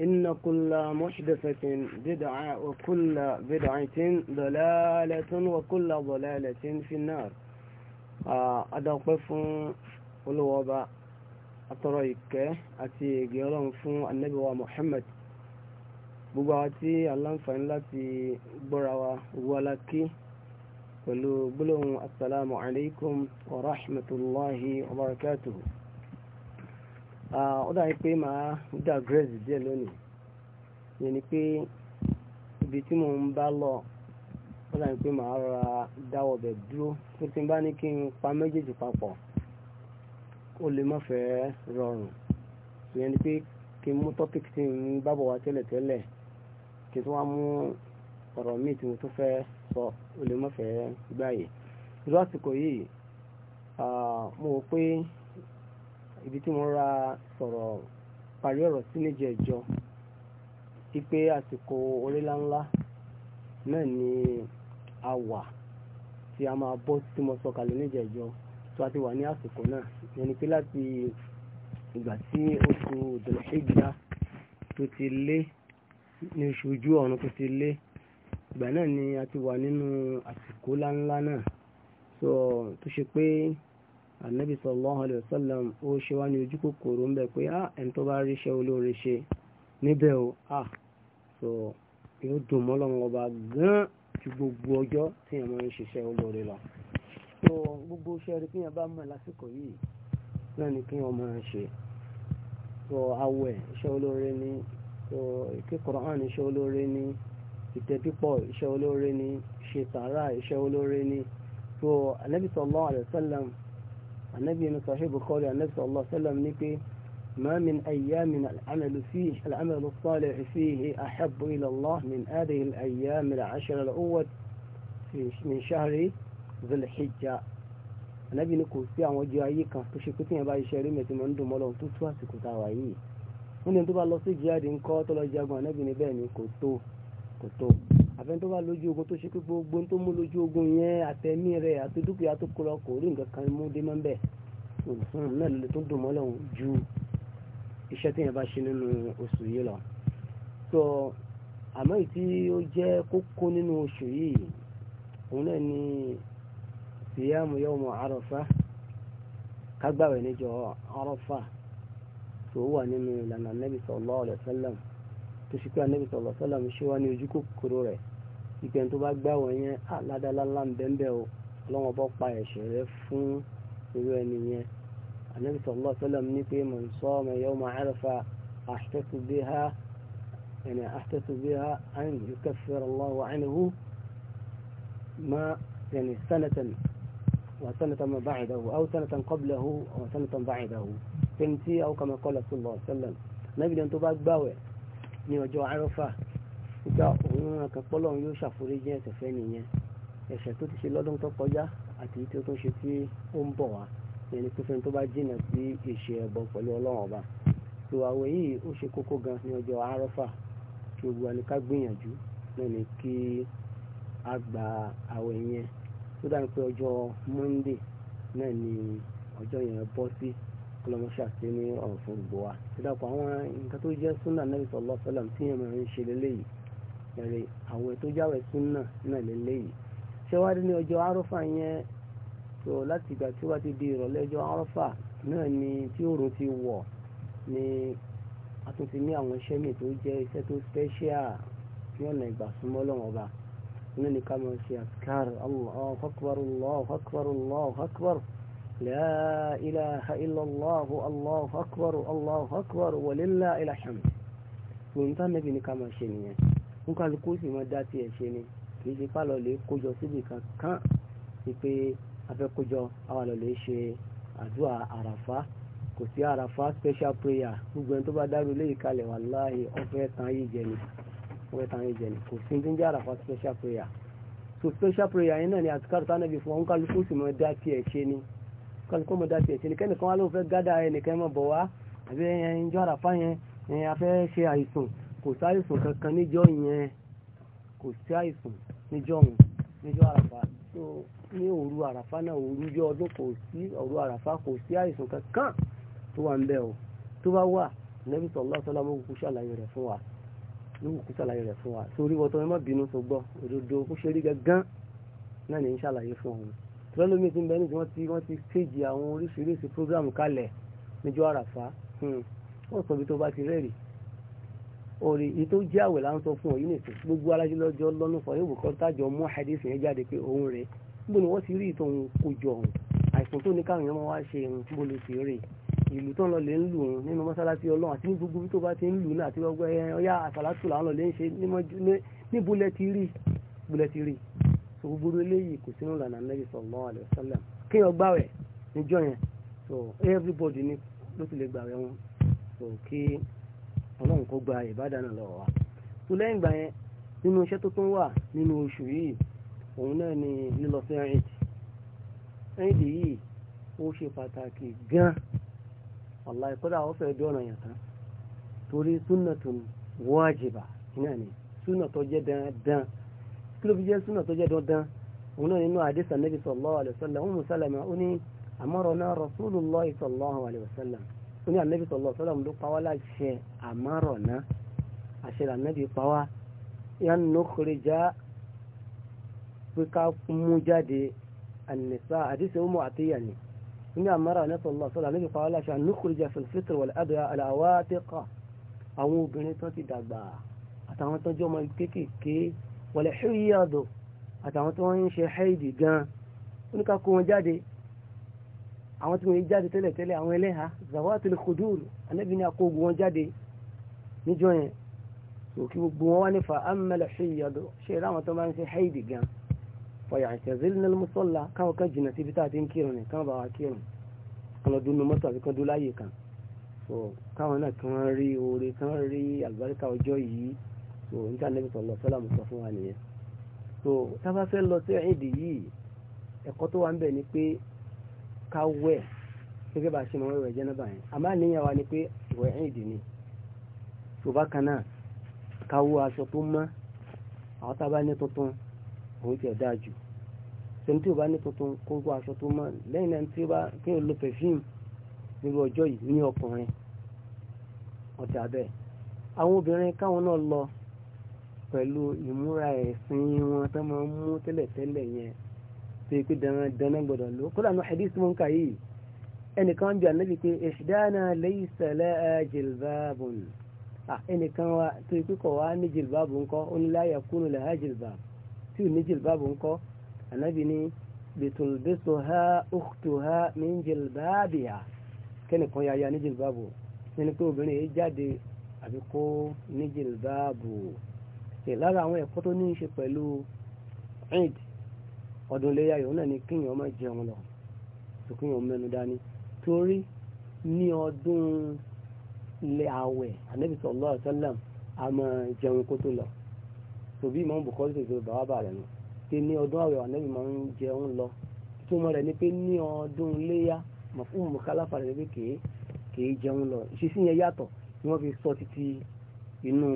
إن كل محدثة بدعة وكل بدعة ضلالة وكل ضلالة في النار أدقف الوضع أتريك أتي قيران فون النبي ومحمد gbogbo àwọn tí aláǹfààní láti gbọ́ra wa wọlá kí pẹ̀lú gbólóhùn assalamu alaikum wa rahmatullahi wa barakatuhu ó dàbí pé màá dàgrẹ́sì díẹ̀ lónìí yẹn ni pé ibi tí mò ń bá lọ ó dàbí pé màá rọra dáwọ́ bẹ̀ dúró tó ti bá ní kí n pa méjèèjì papọ̀ ó lè rọrùn yẹn ni pé kí n mú tọ́pìkì tí n bọ̀ wá tẹ́lẹ̀tẹ́lẹ̀ kí n tó wá mú ọ̀rọ̀ sọ ó lè má fẹ́ gbáyé àsìkò yìí mo ibi tí mo ra sọ̀rọ̀ parí ọ̀rọ̀ sí níjẹ̀ ìjọ wípé àsìkò oríláńlá náà ni a wà tí a máa bọ́ tí mo sọ kalẹ̀ níjẹ̀ ìjọ tó a ti wà ní àsìkò náà yẹn ni pé láti ìgbà tí oṣù ìdọ̀lẹ́ṣẹ́gbìyà tó ti lé ní oṣù ojú ọ̀run tó ti lé ìgbà náà ni a ti wà nínú àsìkò láńlá náà so tó ṣe pé anabi sallallahu alayhi wa sallam ó ṣe wá ní ojú kòkòrò ń bẹ pé á ah, ẹni tó bá ríṣẹ́ olóore ṣe níbẹ̀ o á ah, so yóò dùn mọ́ lọ́wọ́ ọba gan ju gbogbo ọjọ́ tí èèyàn máa ń ṣiṣẹ́ olóore lọ. so gbogbo iṣẹ́ rí kí èèyàn bá mọ̀ lásìkò yìí náà ni kí wọ́n máa ṣe so awẹ iṣẹ́ olóore ni so ìké Quran iṣẹ́ olóore ni ìtẹ̀pípọ̀ iṣẹ́ olóore ni ṣe sàárà iṣẹ́ olóore ni so Ànábì sallallahu alayhi wa sallam ànábì inú sahih bukhari ànábì sallallahu alaihi wasallam ní pé ma min ayyamin al'amalu fihi al'amalu salihu fihi ahabbu ila Allah min hadhihi al-ayyam al-ashara al-awwal min shahri dhul hijja ànábì ní kò sí àwọn ọjọ́ ayé kan tó ṣe pé tíyẹn bá iṣẹ́ rí mẹ́tí mọ́ ń dùn mọ́lọ́ tó tú àsìkò tá a wà yìí wọ́n ní tó bá lọ sí jihadi ńkọ́ tó lọ jagun ànábì ní bẹ́ẹ̀ ni kò tó kò tó àfẹn tó bá lójú ogun tó ṣe pé gbogbo tó mú lójú ogun yẹn àtẹ̀mí rẹ̀ àti dúkìá tó kó lọ kò rí nǹkan kan mú dé mọ́ bẹ́ẹ̀ òfin náà lè tó dùn mọ́lẹ̀ ju iṣẹ́ tí yẹn bá ṣe nínú oṣù yìí lọ tó àmọ́ èyí tí ó jẹ́ kókó nínú oṣù yìí òun náà ni siyamu yawmu Arafa kágbàwẹ̀ níjọ́ Arafa tó wà nínú ìlànà Nabi sallallahu alaihi wasallam tó ṣe pé Nabi sallallahu alaihi wasallam ṣé wá ní ojú kòkòrò rẹ̀ ìgbẹ́ tó bá gbàwọ̀ yẹn aládàlálà ń bẹ́ńbẹ́ o ọlọ́wọ́n bọ́ pa ẹ̀ṣẹ̀ rẹ fún irú ẹni yẹn anabi sallallahu alaihi wasallam ní pé man sama yawma arafa ahtatu biha yani ahtatu biha an yukaffira Allahu anhu ma yani sanatan wa sanatan ma ba'dahu aw sanatan qablahu aw sanatan ba'dahu tẹ́ntì aw kama qala sallallahu alaihi wasallam anabi dẹ́n tó bá gbàwẹ̀ ní ọjọ́ arafa ìgbà òun ràn kan pọ́ lọ́run yóò ṣàforíjì ẹ̀ṣẹ̀ fẹ́ nìyẹn ẹ̀ṣẹ̀ tó ti ṣe lọ́dún tó kọjá àti èyí tó tún ṣe tí ó ń bọ̀ wá ìyẹn ni pípẹ́ tó bá jìnà sí ìṣe ẹ̀bọ pẹ̀lú ọlọ́run ọba tó àwẹ̀ yìí ó ṣe kókó gan ní ọjọ́ arọ́fà kí gbogbo wa ni ká gbìyànjú náà ni kí a gba àwẹ̀ yẹn tó dáni pé ọjọ́ monday náà ni ọjọ́ yẹn bọ́ sí kọlọmọṣà sí ní ọ̀rọ̀ fún gbogbo wa tó dàpọ̀ àwọn nǹkan tó jẹ́ súnà nàbìsọ̀ lọ́sọ̀lọ́m tí yẹn máa ń ṣe lélẹ́yìí ẹ̀rẹ̀ àwẹ̀ tó jáwẹ̀ súnà náà lélẹ́yìí ṣẹ́wádìí ní ọjọ́ arọ́fà yẹn tó láti ìgbà tí wọ́n ti di ìrọ̀lẹ́ ọjọ́ arọ́fà náà ni tí òòrùn ti wọ̀ ni a tún ti ní àwọn iṣẹ́ míì tó jẹ́ iṣẹ́ tó special ní ọ̀nà ìgbà súnmọ́ lọ́wọ́ ọba ní ní ká mọ̀ ṣe àkàr Allahu akbar Allahu akbar Allahu akbar la ilaha illallah Allahu akbar Allahu akbar wa lillahil hamd lóyún tá nẹ́bí ní ká mọ̀ ṣe nìyẹn ń kálukú sì máa dá tiẹ̀ ṣe ni kì í ṣe pálọ̀ lè kójọ síbi kankan wípé afẹ́kójọ àwọn ṣe àdúrà àràfá kò sí àràfá special prayer gbogbo ẹni tó bá dárú ilé ìkalẹ̀ wàláhì ọ̀fẹ́ tán yìí jẹ ni ọ̀fẹ́ tán yìí jẹ ni kò sí ní jẹ́ àràfá special prayer so special prayer yẹn náà ni àtikárò tánà bí fún wọn kálukú sì máa dá tiẹ̀ ṣe ni kálukú máa dá tiẹ̀ ṣe ni kẹ́nìkan wá ló fẹ́ gádà ẹnìkan máa bọ̀ wá àbí ẹ̀yìn ìjọ àràfá yẹn ẹ̀yìn afẹ́ ṣe àìsàn kò sí àìsàn kankan níjọ́ yẹn kò sí àìsàn níjọ́ òun níjọ́ àràfà tó ní òru àràfà náà òru bí ọdún kò sí òru àràfà kò sí àìsàn kankan tó wà ń bẹ o tó bá wà nẹ́bí sallallahu alaihi wasallam kúkú ṣàlàyé rẹ̀ fún wa ló kúkú ṣàlàyé rẹ̀ fún wa sórí wọ́tọ́ ẹ má bínú tó gbọ́ òdodo kó ṣe rí gangan náà ní ṣàlàyé fún òun tìrẹ́lómi ti ń bẹ níbi wọ́n ti wọ́n ti kéjì àwọn oríṣiríṣi prógráàmù kalẹ̀ níjọ́ àràfà hmm. wọ́n sọ bí tó bá ti rẹ́rìí orí yìí tó jẹ́ àwẹ̀ là ń sọ fún ọ yìí nìkan gbogbo alájọ lọ́jọ́ lọ́nà fún yóò kọ́ tájọ mú hadith yẹn jáde pé òun rẹ̀ níbo ni wọ́n ti rí ìtọ̀hún kojọ ọ̀hún àìsàn tó ní káwọn èèyàn máa wá ṣe irun bó ló ti rí ìlú tó ń lọ lè ń lù ún nínú mọ́sálásí ọlọ́run àti ní gbogbo tó bá ti ń lù ún àti ọgbẹ́ ọyá àsàlátù làwọn lè ń ṣe níbo lẹ ti rí so gbogbo eléyìí kò sínú ìlànà Nabi sallallahu alaihi wasallam kí wọ́n gbàwẹ̀ níjọ́ yẹn so everybody ló ti lè gbàwẹ̀ wọn so kí. Okay ọlọ́run kó gba ìbádàn náà lọ́wọ́ wa tó lẹ́yìn ìgbà yẹn nínú iṣẹ́ tó tún wà nínú oṣù yìí òun náà ni lílọ sí ẹ̀ǹdì ẹ̀ǹdì yìí ó ṣe pàtàkì gan ọ̀la ìkọ́dà ó fẹ́ dọ́nà yàn tán torí súnà tó wájìbà náà ni súnà tó jẹ́ dandan kí ló fi jẹ́ súnà tó jẹ́ dandan òun náà nínú àdìsá Nabi sallallahu alaihi wasallam Ummu Salama ó ní amarana Rasulullahi sallallahu alaihi wasallam ó ní ànábì sallallahu alaihi wasallam ló pa wá láṣẹ àmárọ̀ náà àṣẹ ànábì pa wá yan nukhrija pé ká mú jáde ànìsá àdìsẹ́ ọmọ àtìyà ni ó ní àmárọ̀ náà sallallahu alaihi wasallam ànábì pa wá láṣẹ an nukhrija fil fitr wal adha al awatiq àwọn obìnrin tó ti dàgbà àtàwọn tó jọmọ kéékèèké wal hiyad àtàwọn tó ń ṣe haidi gan oníkàkó wọn jáde àwọn tí wọ́n jáde tẹ́lẹ̀ tẹ́lẹ̀ àwọn ẹlẹ́ha zawatul khudur anábì ní akógun wọn jáde níjọ yẹn òkè gbogbo wọn wá nífa amẹ́lẹ̀ ṣèyàdọ̀ ṣe eré àwọn tó máa ń ṣe haidi gan fọyà ìṣẹ̀zẹ́lẹ̀ ní mọ́sọ́lá káwọn kan jìnnà síbi tá a ti ń kírun ní káwọn bá wa kírun kan lọ dúnú mọ́tò àbí kan dún láàyè kan so káwọn náà kan rí oore kan rí àlùbáríkà ọjọ́ yìí so n ká níbi sọ̀lọ̀ sọ́lá mo sọ fún wa nìyẹn so tá a bá fẹ́ lọ sí ẹ̀ẹ́dì yìí ẹ̀kọ́ tó wà ń bẹ̀ ni pé ká wẹ̀ gẹ́gẹ́ bá ṣe mọ́ ìwẹ̀ jẹ́nàbà yẹn àmá níyàn wa ni pé ìwẹ̀ ìdì ni tó bá kan náà ká wọ aṣọ tó mọ́ àwọn tá a bá ní tuntun òun ti ẹ̀dá jù sẹ́ni tí o bá ní tuntun kó wọ aṣọ tó mọ́ lẹ́yìn náà tí o bá kí o lo perfume nínú ọjọ́ yìí ní ọkùnrin ọ̀dà bẹ́ẹ̀ àwọn obìnrin káwọn náà lọ pẹ̀lú ìmúra ẹ̀sìn wọn tó máa ń mú tẹ́lẹ̀tẹ́lẹ̀ yẹn tó yẹ pé dandan gbọ́dọ̀ lò kódà ní hadith mọ́ nǹka yìí ẹnìkan bí ànábì pé ihdana laysa laha jilbabun ẹnìkan wa tó yẹ pé kọ̀ wá ní jilbabu ńkọ́ ó ní la yakunu laha jilbab tí ò ní jilbabu ńkọ́ ànábì ní bitulbisuha ukhtuha min jilbabiha kẹ́nìkan ya ya ní jilbabu nínú pé obìnrin yìí jáde àbí kó ní jilbabu lára àwọn ẹ̀kọ́ tó ní í ṣe pẹ̀lú eid ọdún léyà yòó náà ni kíyàn má jẹun lọ tó kíyàn mẹ́nu dání torí ní ọdún ilé àwẹ̀ Ànábì sallallahu alaihi wasallam a máa jẹun kó tó lọ tòbí ìmọ̀ bùkọ́lù tó ìṣòro bàbá bà rẹ̀ nù pé ní ọdún àwẹ̀ Ànábì máa ń jẹun lọ tó mọ̀ rẹ̀ ni pé ní ọdún léyà mọ̀fún mọ̀kálàfà rẹ̀ pé kèé kèé jẹun lọ ìṣesí yẹn yàtọ̀ ni wọ́n fi sọ títí inú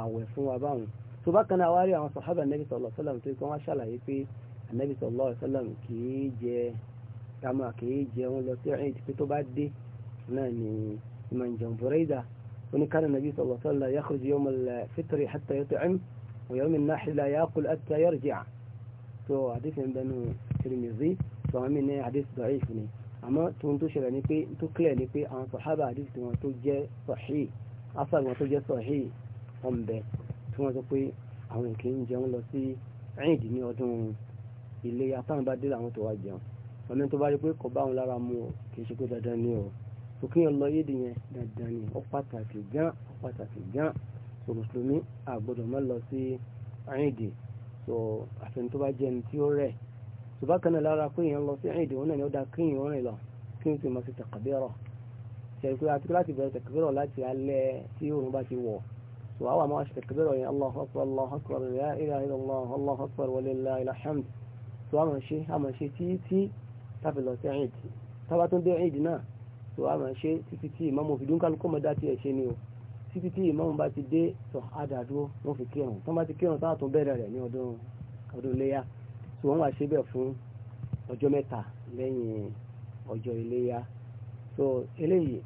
àwẹ̀ fún wa báwọn tó bá kan náà wá rí àwọn sàhábà Ànábì sallallahu alaihi tó kọ́ wọ́n ṣàlàyé pé anabi sallallahu alaihi wasallam kìí jẹ kama kìí jẹun lọ sí ẹ̀yìn títí tó bá dé náà ni ìmọ̀ ìjẹun bùrẹ́dà oníkànnì anabi sallallahu alaihi wasallam yakhruju yawm al-fitri hatta yut'im wa yawm an-nahr la ya'kul hatta yarji' tó àdìsí ń bẹnu Tirmidhi tó àmì ní àdìsí da'if ni àmọ́ tòun tó ṣẹlẹ̀ ni pé tó clear ni pé àwọn sọ̀hábà àdìsí tí wọ́n tó jẹ́ sọ̀hí iléyá táwọn bá dé làwọn tó wá jẹun ọmọ tó bá rí pé kò bá wọn lára mu o kì í ṣe pé dandan ni o tó kí yẹn lọ yéèdì yẹn dandan ni ó pàtàkì gan ó pàtàkì gan so mùsùlùmí àgbọ́dọ̀ má lọ sí àyìndì so àfẹn tó bá jẹ ẹni tí ó rẹ̀ tó bá kan náà lára pé yẹn lọ sí àyìndì òun náà ni ó da kíyìn òun rìn lọ kí n sì máa fi tàkàbẹ́rọ̀ ṣẹ̀kú àti láti bẹ̀rẹ̀ tàkàbẹ́rọ̀ láti alẹ́ tí òun bá ti wọ̀ so àwọn àmọ́ àṣẹ tàkàbẹ́rọ̀ yẹn Allahu akbar Allahu akbar ilaha illallah Allahu akbar wa so a máa ṣe a máa ṣe tí tí tàbí lọ sí ẹ̀yìn tí tábà tó dé ẹ̀yìn dì náà so a máa ṣe títí tí ìmáàmù òfin dúnkálukọ́ mọ́ dá tiẹ̀ ṣe ni o títí tí ìmáàmù bá ti dé sọ àdàdúró wọn fi kírun tó bá ti kírun táwọn tó bẹ̀rẹ̀ rẹ̀ ní ọdún ọdún iléyà so wọ́n wá ṣe bẹ́ẹ̀ fún ọjọ́ mẹ́ta lẹ́yìn ọjọ́ iléyà so eléyìí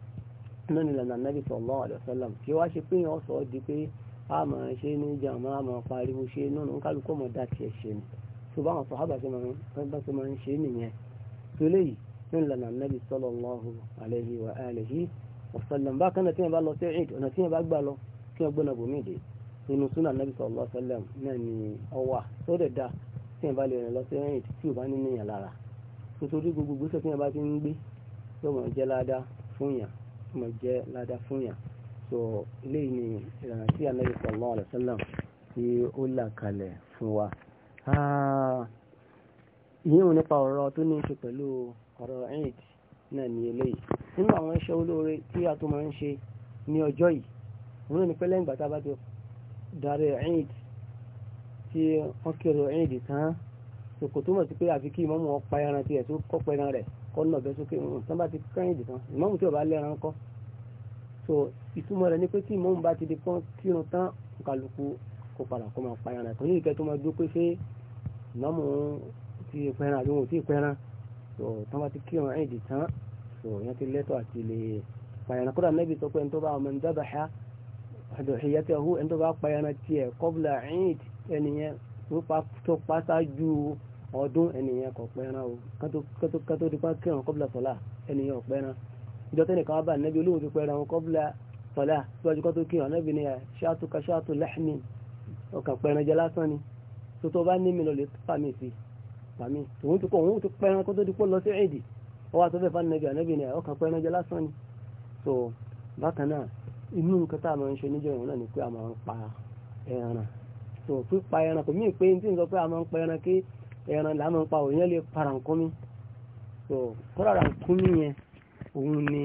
náà ni lànà nàbì sallallahu alaihi wasallam kí wá ṣe pé a máa ṣe ní jàmọ́ a máa pariwo ṣe nínú kálukọ́ mọ́ dá tiẹ̀ ṣe ni tó bá wọn sàhábà ṣe máa ń ṣe nìyẹn tó léyìí ní ìlànà nàbì sallallahu alaihi wa alihi wa sallam bákan náà tí wọn bá lọ sí ẹ̀ẹ́d ọ̀nà tí wọn bá gbà lọ kí wọn gbọ́nà bòmí dé inú súnà nàbì sallallahu alaihi wa sallam náà ni ọwà tó dẹ̀ da tí wọn bá lè rìn lọ sí ẹ̀ẹ́d tí ò bá ní níyàn lára nítorí gbogbo gbèsè tí wọn bá ti ń gbé so eléyìí ni ìlànà tí Ànábì sallallahu alaihi wa sallam tí ó Ah, yíò nípa ọ̀rọ̀ tó ní ṣe pẹ̀lú ọ̀rọ̀ eid náà ní eléyìí nínú àwọn iṣẹ́ olóore tí a tó máa ń ṣe ní ọjọ́ yìí òun ní pẹ́lẹ́ ìgbà tá a bá ti darí eid tí wọ́n kéré eid tán kò túmọ̀ sí pé àfi kí ìmọ̀mù ọ̀pá ẹran tiẹ̀ tó kọ́pọ̀ ẹran rẹ̀ kọ́ náà bẹ́ sókè tán bá ti kán eid tán ìmọ̀mù tí ò bá lẹ́ran kọ́ so ìtumọ̀ rẹ̀ ni pé tí ìmọ̀mù bá ti ìmọ̀mù ti pẹran àbí wọn ò tí ì pẹran tó tán bá ti kírun ẹ̀yìn dì tán tó yẹn ti lẹ́tọ̀ àti lè pààyàn kódà nẹ́bí sọ pé ẹni tó bá ọmọ ẹni dábàá ṣá ọ̀dọ̀ ìyá tí ọ̀hún ẹni tó bá pààyàn tiẹ̀ kọ́bùlà ẹ̀yìn ẹnìyẹn tó pa ṣáájú ọdún ẹnìyẹn kò pẹran o kátó dípá kírun kọ́bùlà sọ́lá ẹnìyẹn ò pẹran ìjọ tẹ́nì kan bá nẹ́bí olóhùn ti pẹran kọ́bùlà sọ́lá síwájú kátó kírun nẹ́bí ni ṣáàtú ka ṣáàtú ni tó tó bá ní mi lọ lè pàmì sí pàmì tòun ti kọ òun ti pẹran kó tó di pọ́ lọ sí ẹ̀dì ọwọ́ àtọ́fẹ́ fún anabi anabi ni ọkàn pẹran jẹ lásán ni so bákan inú nǹkan tá a máa ń ṣe níjọ ìwọ̀n náà ni pé a máa ń pa ẹran so pípa ẹran kò míì pé n tí n sọ pé a máa ń pa ẹran kí ẹran là máa ń pa òyìn lè para nǹkan mi so kọ́ra nǹkan mi yẹn òun ni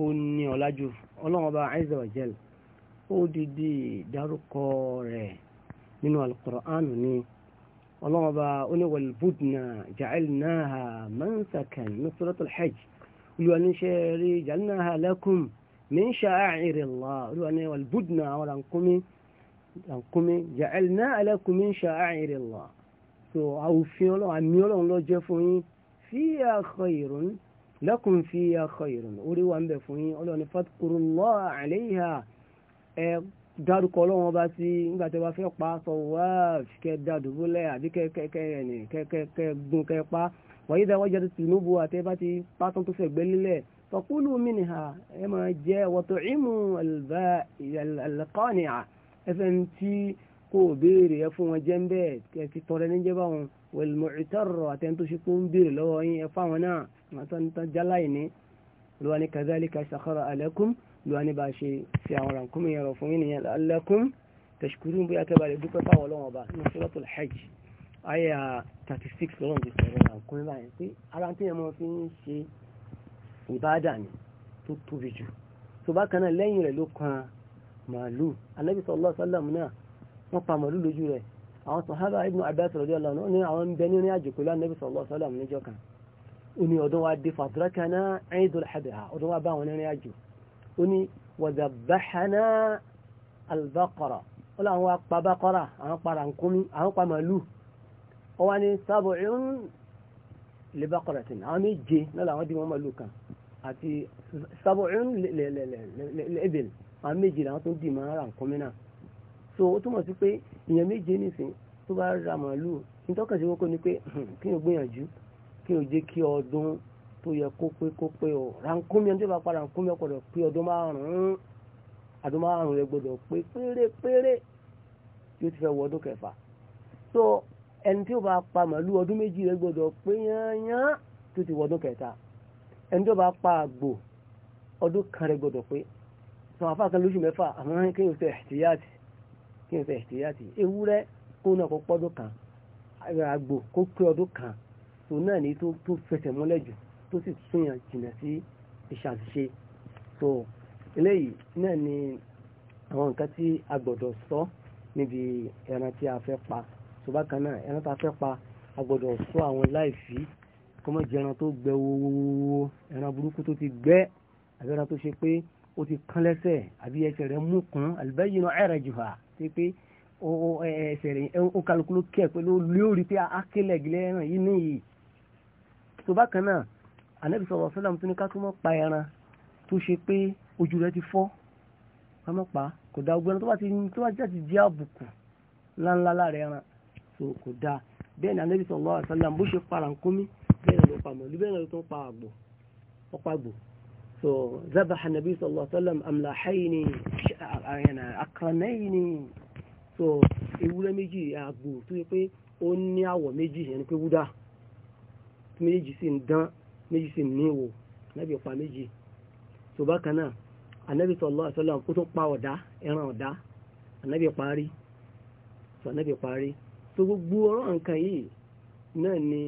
ó ní ọ̀làjú ọlọ́run ọba Azza wa Jal ó dìdí dárúkọ rẹ̀ nínú alukọ̀rọ̀ánù ni ọlọ́wọ́n bá oníwàlbùdnà ja'alnaha mansakan ní suratul hajj olúwa ní ṣe rí ja'alnaha lakum min sha'airillah olúwa ní walbùdnà àwọn rankumi ja'alnaha lakum min sha'airillah so àwòfin ọlọ́wọ́ àmì ọlọ́wọ́ lọ jẹ́ fún yín fiya khayrun lakum fiya khayrun orí wa ń bẹ̀ fún yín ọlọ́wọ́ ní fadhkurullaha alayha dárúkọ ọlọ́wọ́n bá sí nígbà tí wọ́n fẹ́ pa aṣọ wáàfì kẹ́ dàdúgbòlẹ̀ àbí kẹ́ kẹ́ kẹ́ ẹ̀nì kẹ́ kẹ́ kẹ́ gun kẹ́ pa wọ́n yíṣẹ́ wọ́n jẹ́ tìǹbù àti bá ti pátán tó fẹ́ gbé lílẹ̀ tọ́kúlù mìnìhà ẹ máa jẹ́ wọ́tọ̀ ìmù alqani'a ẹfẹ̀ ń tí kò béèrè ẹ fún wọn jẹ́ ń bẹ́ẹ̀ kẹ́ ti tọrẹ níjẹ́ báwọn wal mu'tarr àtẹ́ntó ṣe kó ń béèrè lọ́wọ́ yín ẹ fáwọn náà wọ́n tán jálá ló wá ní bá ṣe fi àwọn rànkúnmí ẹ̀rọ fún yín nìyẹn la'allakum tashkurun bóyá kẹba lè dúpẹ́ fáwọn ọlọ́wọ́n ọba ní suratul hajj àyà 36 lọ́wọ́n ti sọ̀rọ̀ rànkúnmí báyìí pé ara tí ẹmọ fi ń ṣe ìbáàdà ni tó tóbi jù tó bá kan náà lẹ́yìn rẹ̀ ló kan màálù anábì sallallahu alaihi wasallam náà wọ́n pa màálù lójú rẹ̀ àwọn sọ̀hábà ibn Abbas radiyallahu anhu ní àwọn ń bẹ nínú àjò pẹ̀lú anábì sallallahu níjọ́ kan ó ní ọdún wa dé fàtúrákà náà Eidul Adha ọdún wa bá àwọn nínú àjò ó ní wàdàbáhánà albaqara ó láwọn apabakọ́ra àwọn para nkúmi àwọn pa màlúù ó wá ní sábùrún lébàkọ́ra tì àwọn méje náà làwọn dì wọ́n màlúù kan àti sábùrún lẹ́ẹ̀bẹ̀lẹ̀ àwọn méje làwọn tó dì máa ra nkúmi náà so ó túmọ̀ sí pé ìyẹn méje nìsín tó bá ra màlúù nítọ́kàsí wọ́n kò ní pé kí n ò gbìyànjú kí n ò jẹ́ kí ọdún tó yẹ kó pé kó pé o rànkúnmi ẹni bá pa rànkúnmi ọkọ̀dọ̀ pé ọdún márùn ọdún márùn rẹ gbọdọ̀ pé pérépéré yóò ti fẹ́ wọ ọdún kẹfà so ẹni tí ó bá pa màálù ọdún méjì rẹ gbọdọ̀ pé yányán tó ti wọ ọdún kẹta ẹni tó bá pa àgbò ọdún kan rẹ gbọdọ̀ pé sọ̀rọ̀ afá kan lóṣù mẹ́fà àwọn kéèyàn fẹ́ ẹ̀tìyàtì kéèyàn fẹ́ ẹ̀tìyàtì ewúrẹ́ kó náà kó pọ́dún kan àgbò kó pé ọdún kan tòun náà ní tó fẹsẹ̀ mọ́lẹ̀ jù tó sì súnyàn jìnà sí ìṣàṣìṣe so eléyìí náà ni àwọn nǹkan tí a gbọ́dọ̀ sọ níbi ẹran tí a fẹ́ pa tó bá kan náà ẹran tí a fẹ́ pa a gbọ́dọ̀ sọ àwọn láìfí kọ́mọ jẹ ẹran tó gbẹ wọ́wọ́wọ́wọ́ ẹran burúkú tó ti gbẹ àbí ẹran tó ṣe pé ó ti kán lẹ́sẹ̀ àbí ẹsẹ̀ rẹ̀ mú kún àlùbáyìí náà ẹ̀rẹ̀ jù hà tí pé ẹsẹ̀ rẹ̀ ó kálukú ló kẹ́ anabi sallallahu alaihi wasallam tó ní ká tó mọ́ pa ẹran tó ṣe pé ojú rẹ ti fọ́ ká mọ́ pa kò da ogun ẹran tó bá ti tó bá ti jáde jẹ́ àbùkù ńláńlá láàrin ẹran tó kò da bẹ́ẹ̀ ni anabi sallallahu alaihi wasallam bó ṣe para nkómi bẹ́ẹ̀ ló pa mọ̀lú bẹ́ẹ̀ ló tó pa àgbò ọ̀pá àgbò so zabaha anabi sallallahu alaihi wasallam amlahayni akranayni so ewúrẹ́ méjì àgbò tó yẹ pé ó ní àwọ̀ méjì yẹn ni pé wúdà méjì sì ń dán méjì sì ní ìwò anábì pa méjì tó bá kan náà anábì sallallahu alaihi wasallam kó tó pa ọ̀dá ẹran ọ̀dá anábì parí tó anábì parí tó gbogbo ọ̀rọ̀ nǹkan yìí náà ni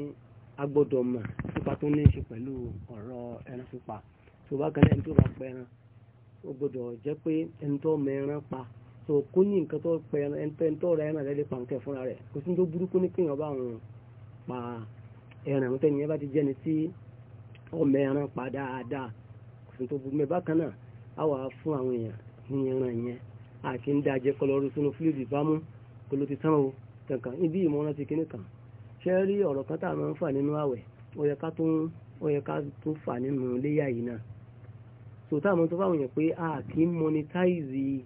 a gbọ́dọ̀ mọ̀ nípa tó ní ṣe pẹ̀lú ọ̀rọ̀ ẹran pípa tó bá kan náà ẹni tó bá pa ẹran ó gbọ́dọ̀ jẹ́ pé ẹni tó mọ ẹran pa tó kó ní nǹkan tó pẹ ẹni tó ra ẹran lẹ́lẹ́ pa nǹkan fúnra rẹ̀ kò sí ní tó burúkú ní kéèyàn bá òun pa ẹran àwọn tẹ́niyẹn bá ti jẹ́ni tí ọmọ pa dáadáa kò tó bu náà a wà fún àwọn èèyàn ní ẹran yẹn a kì í da jẹ kọlọrú sínú bámú ló kankan ibi ìmọ̀ràn ti kíní kan rí ọrọ kan tá a máa ń fà nínú ó yẹ ká tó ó yẹ nínú iléyà yìí náà tá a mọ̀ tó pé a kì í monetize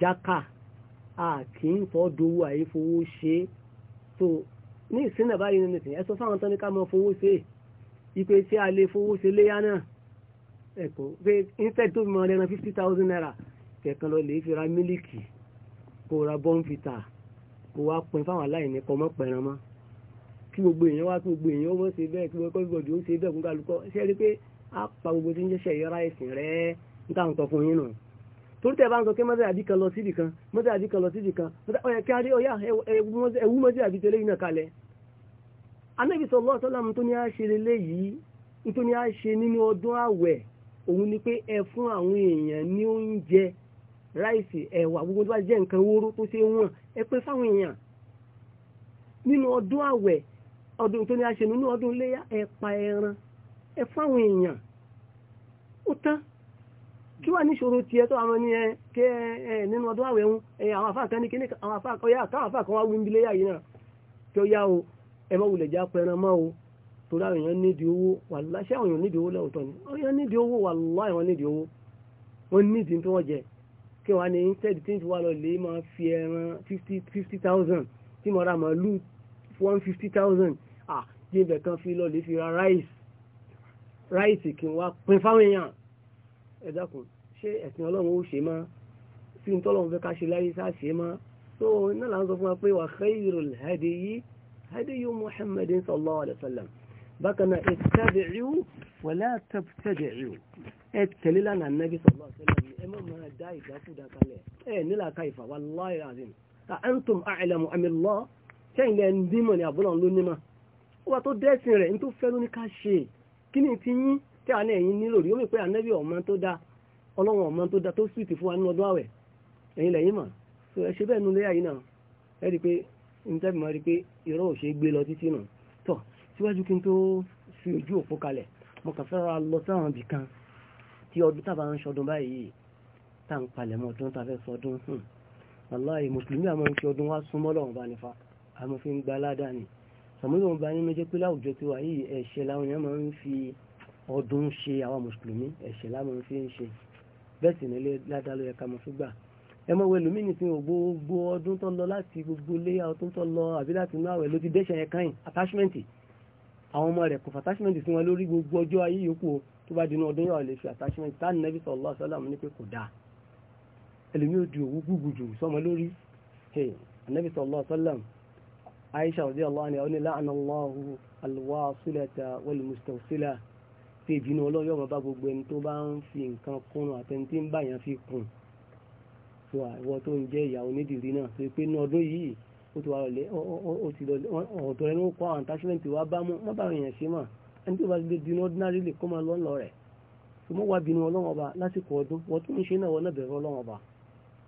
jákà a kì í tọ́ dowó àyè ní ìsínà báyìí nínú ìsìn ẹ̀sọ́ fáwọn tán ní ká mọ fowó ṣe ipe tí a lè fowó ṣe léyà náà ẹ̀kọ́ pé instead tó fi mọ ẹran fifty thousand naira kẹ̀kan lọ lè fi ra mílíkì kó ra bọ́ǹfìtà kó wá pin fáwọn aláìní kọ́ mọ́ pẹ̀ràn mọ́ kí gbogbo èèyàn wá kí gbogbo èèyàn wọ́n ṣe bẹ́ẹ̀ kí gbogbo everybody ó ṣe bẹ́ẹ̀ kó kálukọ́ ṣe rí pé á pa gbogbo tí ń jẹ́ ṣẹ̀yọ́ra ẹ̀sìn ń táwọn tọ́ fún yín náà. torí tẹ̀ bá ń sọ kí mọ́tẹ́ àbí kan lọ síbì kan mọ́tẹ́ àbí kan lọ síbì kan ọ̀yà kí a rí ọ̀yà ẹ̀wú mọ́tẹ́ àbí tẹ́lẹ̀ iná kalẹ̀. anábì sallallahu alaihi wasallam tó ní a ṣe lélẹ̀ yìí tó ní a ṣe nínú ọdún àwẹ̀ òun ni pé ẹ fún àwọn èèyàn ní oúnjẹ ráìsì gbogbo tó bá jẹ́ nǹkan wóró tó ṣe wọ́n ẹ pé fáwọn èèyàn nínú ọdún àwẹ̀ ọdún tó kí wà ní ṣòro tiẹ̀ tó àwọn ní ẹ kí ẹ nínú ọdún àwẹ̀ ń àwọn àfáà kan ní kíní àwọn àfáà kan yá káwọn àfáà kan yìí náà kí ó yá o ẹ má wulẹ̀ já pẹran mọ́ o torí àwọn nídìí owó wàlá ṣé àwọn nídìí owó lẹ́wọ̀tọ́ ni àwọn èèyàn nídìí owó wàlá àwọn nídìí owó wọ́n nídìí tí wọ́n jẹ kí wà ní instead tí wà lọ lè máa fi ẹran fifty thousand tí mo ra màálù one fifty thousand ah jíǹbẹ̀ kan fi lọ lè fi ra ráìsì ráìsì kí n wá pin fáwọn èèyàn ẹ dákun ṣé ẹ̀sìn ọlọ́run ó ṣe mọ́ sí ní tọ́lọ́run fẹ́ ká ṣe láyé sá ṣe mọ́ tó iná là ń sọ fún wa pé wà khairul hadiyi hadiyu muhammadin sallallahu alayhi wa sallam bákan náà ittabi'u wa la tabtadi'u ẹ tẹ̀lé lánàá nàbí sallallahu alayhi wa sallam ẹ má máa dá ìdákúdá kalẹ̀ ẹ nílà ká ìfà wallahi ń lónìí mà wà tó dẹ́sìn rẹ̀ ní tó fẹ́ lóní ká ṣe kí ni ti yín tí a ní ẹ̀yin nílò rí ó mì pé ànábì ọmọ tó dá ọlọ́run ọmọ tó dá tó sùìtì fún wa nínú ọdún àwẹ̀ ẹ̀yin lẹ́yìn mà so ẹ ṣe bẹ́ẹ̀ nulẹ̀ yìí náà ẹ rí i pé níta bí mo rí i pé irọ́ ò ṣe é gbé lọ títí nù tọ̀ síwájú kí n tó fi ojú òpó kalẹ̀ mo kàn fẹ́ra lọ sáwọn ibì kan tí ọdún tábà ń ṣọdún báyìí tá à palẹ̀ mọ́ ọdún tá sọdún hmm. wàláì mùsùlùmí àmọ́ ń fi ọdún wá súnmọ́ lọ́wọ́n bá nífa àmọ́ fi ń gba aládàá ni sàmúlò ń ba nínú jẹ́ pé láwùjọ tiwa yìí ẹ̀ṣẹ̀ làwọn èèyàn máa ń fi ọdún ṣe àwọn mùsùlùmí ẹ̀ṣẹ̀ lámọ̀ fi ń ṣe bẹ́ẹ̀ sì nílé ládàá ló yẹ ká mọ̀ fún gbà ẹ mọ̀ wo ẹlòmíì ní sin gbogbo ọdún tó lọ láti gbogbo léyà ọdún tó lọ àbí láti inú àwẹ̀ ló ti dẹ́ṣẹ̀ yẹn káyìn attachmenti àwọn ọmọ rẹ̀ kò fàtachmenti sí wọn lórí gbogbo ọjọ́ ayé yòókù o tó bá dinú ọdún yóò lè fi attachmenti tá nẹ́bí sallallahu alaihi wasallam ní pé kò dáa ẹlòmíì ò di òwú gbùgbùjù sọmọ lórí nẹ́bí sallallahu alaihi wasallam Aisha radiyallahu anha ó ní la'anallahu alwasilata walmustawsila pé ìbínú ọlọ́yọ́ ọmọ bá gbogbo ẹni tó bá ń fi nǹkan kúnnù àtẹni tí ń bá yàn fi kùn tó àìwọ tó ń jẹ́ ìyàwó nídìrí náà tó pé ní ọdún yìí ó ti wà lọ́lẹ́ ó ti lọ́lẹ́ ọ̀dọ̀ ẹni ó kọ́ àwọn attachment wa bá mú má bàrọ̀ yàn ṣe mà ẹni tó bá lè bínú ordinary lè kó máa lọ́ lọ rẹ̀ tó mọ́ wá bínú ọlọ́wọ́n ọba lásìkò ọdún wọ́n tó ń ṣe náà wọ́n náà bẹ̀rẹ̀ ọlọ́wọ́n ọba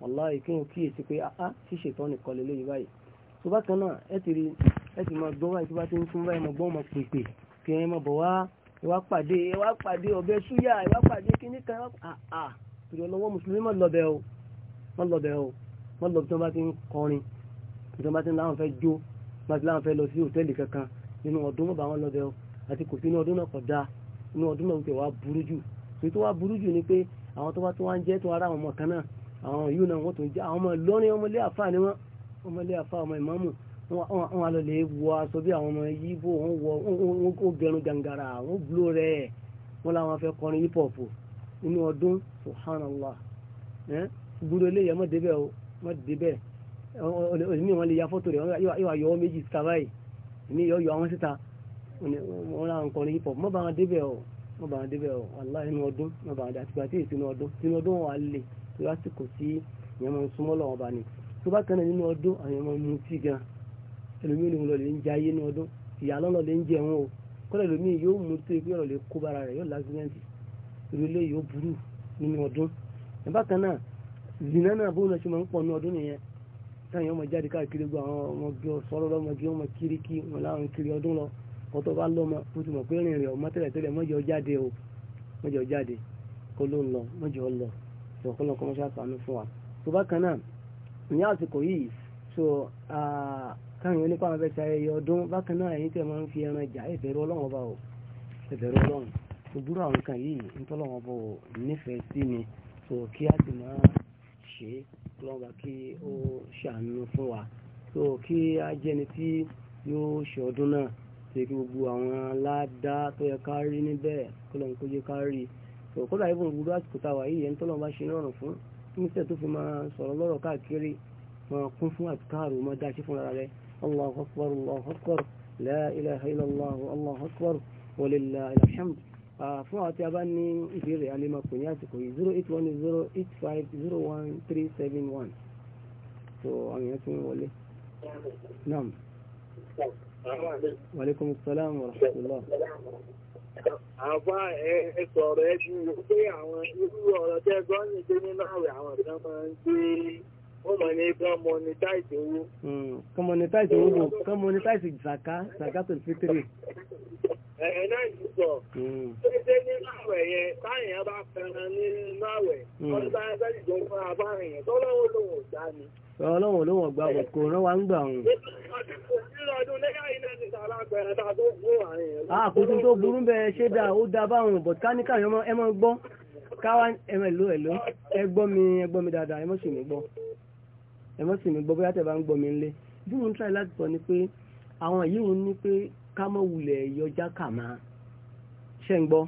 wàláì kí n kíyèsí pé áá ah, tí ah, ṣètọ́ nìkan lè léyìí báyìí tó bá kan náà ẹ ti rí ẹ ti máa gbọ́ báyìí tó bá ti ń fún báyìí mọ̀ gbọ́ mọ̀ pèpè kí ẹ máa bọ̀ wá ìwà pàdé ìwà pàdé ọ̀bẹ súyà ìwà pàdé kíní kan àà torí ọlọ́wọ́ mùsùlùmí mọ̀ lọ́bẹ̀ o mọ̀ lọ́bẹ̀ o mọ̀ lọ́bẹ̀ tí wọ́n bá ti ń kọrin tí wọ́n bá ti ń láwọn fẹ́ jó bá ti láwọn fẹ́ lọ sí hòtẹ́ẹ̀lì kankan nínú ọdún mọ̀ bá wọn lọ́bẹ̀ o àti kò sí inú ọdún náà kọ̀ da inú ọdún náà wípé wàá burú jù torí tó wàá burú jù ni pé àwọn tó bá tó wá ń jẹ́ tó ara àwọn ọmọ kan náà àwọn yìí náà wọ́n tó ń wọn lọ lè wọ aṣọ bí àwọn ọmọ yíbò wọn wọ wọn kó gẹrun gàngàrà wọn bulo rẹ wọn làwọn fẹ́ kọrin hip hop inú ọdún subhanallah ẹ gbúdọ ilé yẹn mọ débẹ o mọ débẹ òní wọn lè ya fọ́tò rẹ yóò ayọ ọ méjì síta báyìí ní yọ yọ àwọn síta wọn làwọn kọrin hip hop mọ bá wọn débẹ o mọ bá wọn débẹ o wàláhì inú ọdún mọ bá wọn dé àtìgbà tí èsì inú ọdún inú ọdún wọn wà lè tó yà sí kò sí ìyẹn mọ súnmọ́ lọ́wọ́ bá ní tó bá kẹ́ni ẹlòmíì ni mo lọ lè ń jẹ ayé ní ọdún ìyá lọ́nà lè ń jẹ wọn o kọ́lẹ̀ ẹlòmíì yóò mú tó ikú ọ̀rọ̀ lè kó bara rẹ̀ yóò lágbẹ́ntì irú ilé yóò burú nínú ọdún bákan náà zina náà bóun náà ṣe máa ń pọ̀ ní ọdún nìyẹn táwọn èèyàn máa jáde káàkiri gba àwọn ọmọge ọ̀sọ́rọ̀ lọ́mọge wọn máa kiri kí wọn láwọn kiri ọdún lọ ọtọ́ bá lọ́mọ bó ti mọ̀ pé rìn rìn ọmọ tẹ́lẹ̀ tẹ́lẹ̀ mọ́jọ jáde o mọ́jọ jáde kó ló ń lọ mọ́jọ lọ ìwọ̀kọ́lọ́ kọ́mọ́ṣáṣánú fún wa. tó bákan náà ní àsìkò yìí so ah, táwọn onípa wọn fẹ́ ṣe ayẹyẹ ọdún bákan náà ẹ̀yin tẹ̀ máa ń fi ẹran jà ẹ̀bẹ̀rù ọlọ́wọ́n bá o ẹ̀bẹ̀rù ọlọ́run òbúrò àwọn nǹkan yìí ńtọ́lọ́wọ́n bọ̀ nífẹ̀ẹ́ sí ni tó kí á sì máa ṣe lọ́gbà kí ó ṣàánú fún wa tó kí á jẹ́ni tí yóò ṣe ọdún náà tó kí gbogbo àwọn aládá tó yẹ ká rí níbẹ̀ kó lọ́n kó yẹ ká rí tó kó láyé fún kún fún àtikáàrò máa dá sí fúnra rẹ̀ الله أكبر الله أكبر لا إله إلا الله الله أكبر ولله الحمد فأتي أبني في ريالي ما كنت ياتكو 0810850371 So أمي ياتمي ولي نعم وعليكم السلام ورحمة الله أبا إيه، إيه، wọ́n mọ̀ ní kán monetize owó. Hmm, kán monetize owó wò kán monetize zaka zaka tó fi tèrè. ẹ̀yẹ náà ti sọ ṣéṣe hmm. ní àwẹ̀ yẹn táyà bá fẹ́ràn nínú àwẹ̀ hmm. wọ́n bá ẹgbẹ́ ìjọ fún abárin yẹn tó lọ́wọ́ lòun ò dá ni. ọlọ́run olóhùn ọgbà wọ̀ kò rán wa ń gbà òun. àkótó ah, tó burú bẹ́ẹ̀ ṣé dáa ó dáa báwọn bọ̀t káníkà ẹ mọ́ gbọ́ káwá ẹ mọ́ èlò èlò ẹ mọ́ sì mí gbọ́ bóyá tẹ̀ bá ń gbọ́ mi ńlẹ̀ bí mo ń try láti sọ ni pé àwọn yìí ń ní pé ká mọ̀ wulẹ̀ yọjá kà máa ṣẹ́ ń gbọ́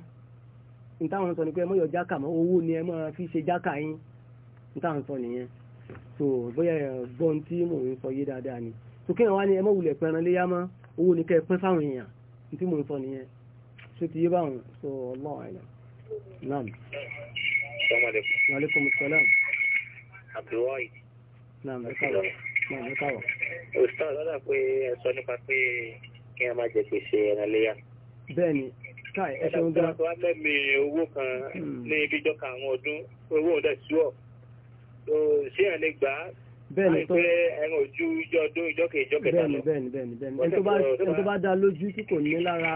ntáwọn sọ ni pé ẹ mọ̀ yọjá kà máa owó ni ẹ máa fi ṣe jákà yín ntáwọn sọ nìyẹn so bóyá gbọ́n tí mò ń sọ yé dáadáa ni so kí wọ́n wá ní ẹ mọ̀ wulẹ̀ pẹran léyà mọ́ owó ni kẹ́ ẹ pín fáwọn èèyàn tí mò ń sọ nìyẹn ṣé ti yé báwọn so Allah àìlẹ naam. salaamaleykum náà mẹ́kàwọ̀. òṣìṣẹ́ ọ̀dọ́dà pé ẹ sọ nípa pé kí a máa jẹ pèsè ẹran léyà. bẹ́ẹ̀ni káì ẹ ṣeun gan. ẹ̀sán tó wá mẹ́mí owó kan ní ibi ìjọka àwọn ọdún owó òun dẹ̀ sú ọ̀ ṣé ẹ̀ lè gbà á bẹ́ẹ̀ni tó ẹran ojú ìjọ ọdún ìjọ kejì kẹta lọ bẹ́ẹ̀ni bẹ́ẹ̀ni bẹ́ẹ̀ni ẹni tó bá dá lójú tí kò ní lára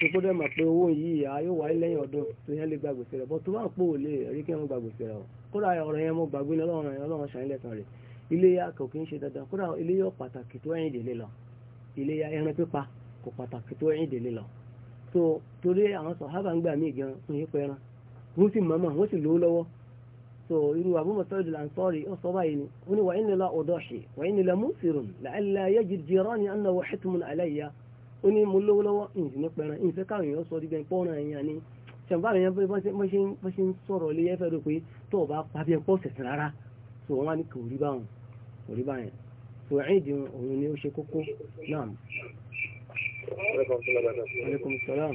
tó kó dẹ̀ mọ̀ pé owó yìí a yóò wáyé lẹ́yìn ọdún tó yẹn lè gba gbèsè rẹ̀ bọ́ tó bá ń pò lè rí kí wọ́n gba gbèsè rẹ̀ o kódà ọ̀rọ̀ yẹn mo gbàgbé ní ọlọ́run ọlọ́run ṣàyẹn lẹ́sàn rẹ̀ iléyà kò kí ń ṣe dandan kódà iléyà pàtàkì tó ẹ̀yìn délé lọ iléyà ẹran pípa kò pàtàkì tó ẹ̀yìn délé lọ tó torí àwọn sọ̀hábà ń gbà míì gan ń yí pẹran wọ́n sì mọ̀ọ́mọ̀ wọ́n sì lówó lọ́wọ́ tó irú àbúmọ̀tọ́ ìdìlà ń sọ́ọ̀rì ó sọ báyìí ni ó ní wà ní la ọ̀dọ́ ṣe wà ní la mùsùlùm làálàá yẹ jìrọ̀ ní àná wà ṣètùmù àlàyé ó ní mo lówó lọ́wọ́ ìyìn ní pẹran ìyìn fẹ́ káwọn èèyàn sọ dígbẹ́ pọ́nrán ni ṣàǹfààní yẹn bó ṣe ń sọ̀rọ̀ lé yẹn fẹ́ rò pé so wọ́n wá ní kò rí báwọn kò rí báyẹn so ẹ̀ẹ́dì òun ni ó ṣe kókó náà. aleykum salaam.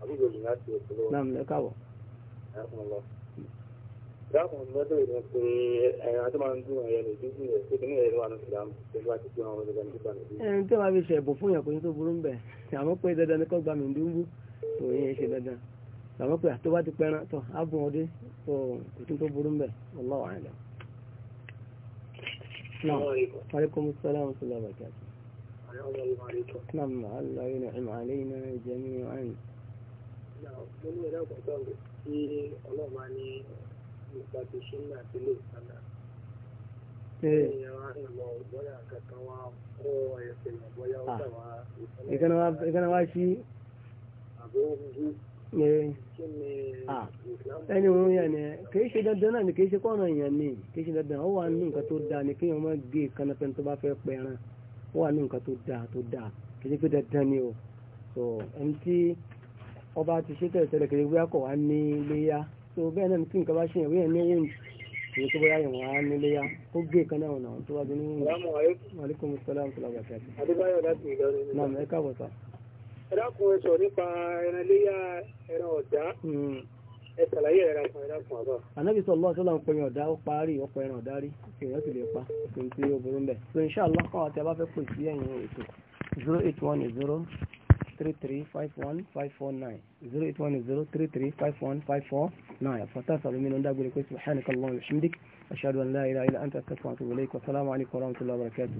àbúrò mi láti ìpínlẹ̀. náà ẹ káwọ̀. dákun lọ́dọ̀ ìrìn pé ẹ̀yàn tó máa ń dún ẹ̀yẹ ní ìdíjú rẹ̀ pé kìnìún ẹ̀rọ àánú ìlà pẹ̀lú àti pé àwọn ọ̀dọ́gbà nígbà nìyí. ẹni tí wàá fi ṣe ẹ̀bùn fún ìyàkùnrin tó burú ń bẹ̀ àmọ́ pé dandan ni kọ́ gbà mí dúró tó yẹn ṣe dandan àmọ́ pé àtọ́wá ti pẹ́ràn tó á bùn ọdẹ tó kò tún tó burú ń bẹ̀ ọlọ́wàá ẹ̀dá. وعليكم السلام ورحمة الله وبركاته نعم الله ينعم علينا جميعا ìkànnà wá sí Ah. Ah, ẹni òun yẹn ni kìí ṣe dandan náà ni kìí ṣe kọ́nà èèyàn ni kìí ṣe dandan ó wà ní nǹkan tó dáa ni kéèyàn má gé kaná pẹ́ni tó bá fẹ́ pẹran ó wà ní nǹkan tó dáa tó dáa kìí ṣe pé dandan ni o so ẹni tí ọba ti ṣe tẹ̀lé tẹ̀lé kìí wíwá kọ̀ wá ní iléyà so bẹ́ẹ̀ náà ni kí nǹkan bá ṣe yẹn wíyẹn ní wound kìí tó bóyá yẹn wá ní iléyà ó gé kaná ọ̀nà tó wá di ní wound ẹ̀dàkùn ẹ̀sọ̀ nípa ẹran iléyà ẹran ọ̀dá hmm. ẹ ṣàlàyé ẹ̀rọ fún ẹran fún ọ̀dọ́. ànábì sọ lọ́wọ́ tó lọ́n pẹ̀yìn ọ̀dá ó parí ọ̀pọ̀ ẹran ọ̀dá rí èèyàn sì lè pa kí n tí ó burú mbẹ̀. so inshallah kọ́ àti abáfẹ́ pè sí ẹ̀yìn ètò zero eight one zero three three five one five four nine zero eight one zero three three five one five four nine fata salomi ló ń dágbére pé subhanakallahumma wa bihamdik ashhadu an la ilaha illa anta